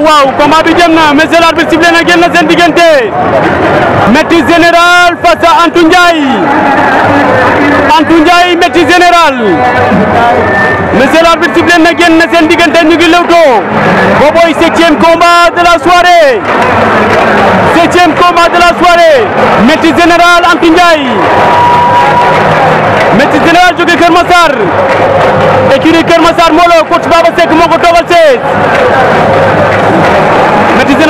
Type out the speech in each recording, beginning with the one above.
waaw waaw combat bi jëm na monsieur l'arbitre sifflé na génn na seen diggante Général face à Antou Ndiaye Antou Ndiaye Général monsieur l'arbitre sifflé na génn na seen diggante ñu ngi lewtoo booboy septième combat de la soirée septième combat de la soirée métti Général Antou Ndiaye Maître Général jóge Kër Massar écurie Kër Massar Molo coach Baba Seck moo ko toogal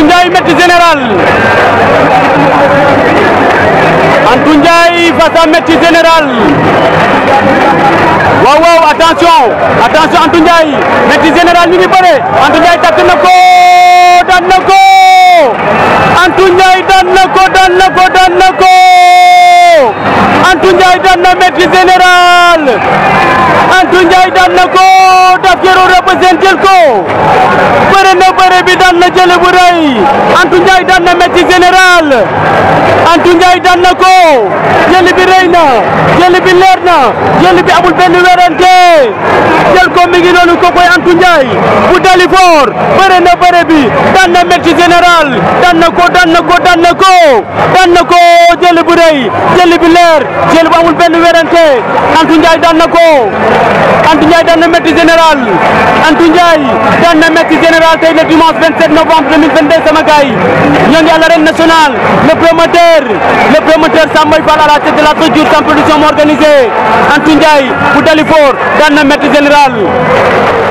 Antoundiaye maître général Antoundiaye face met maître général wow waaw attention attention Antoundiaye maître général mi ngi bëre Antoundiaye takk na ko daan na ko Antoundiaye daan na ko daan na ko daan na ko Antoundiaye daan na maître Antunjai Antoundiaye daan na ko daf ko représenté ko daan na jële bu rëy Antou na métti général Antou Ndiaye na ko jël bi rëy na jël bi leer na jël bi amul benn werante jël ko mi ngi noonu ko koy Antou bu Dalifort bëre na bëre bi daan na métti général daan na ko daan na ko daan na ko daan na ko jël bu rëy jël bi leer jël bu amul benn werante Antou Ndiaye na ko Antou Ndiaye daan na métti général Antou Ndiaye daan na métti général tey le dimanche 27 novembre 2022 sama gars yi ñoo ngi à l'arène nationale le promoteur le promoteur Samboy Fall la tête de la toujours sans production organisée Antou bu Dalifort daan na métti général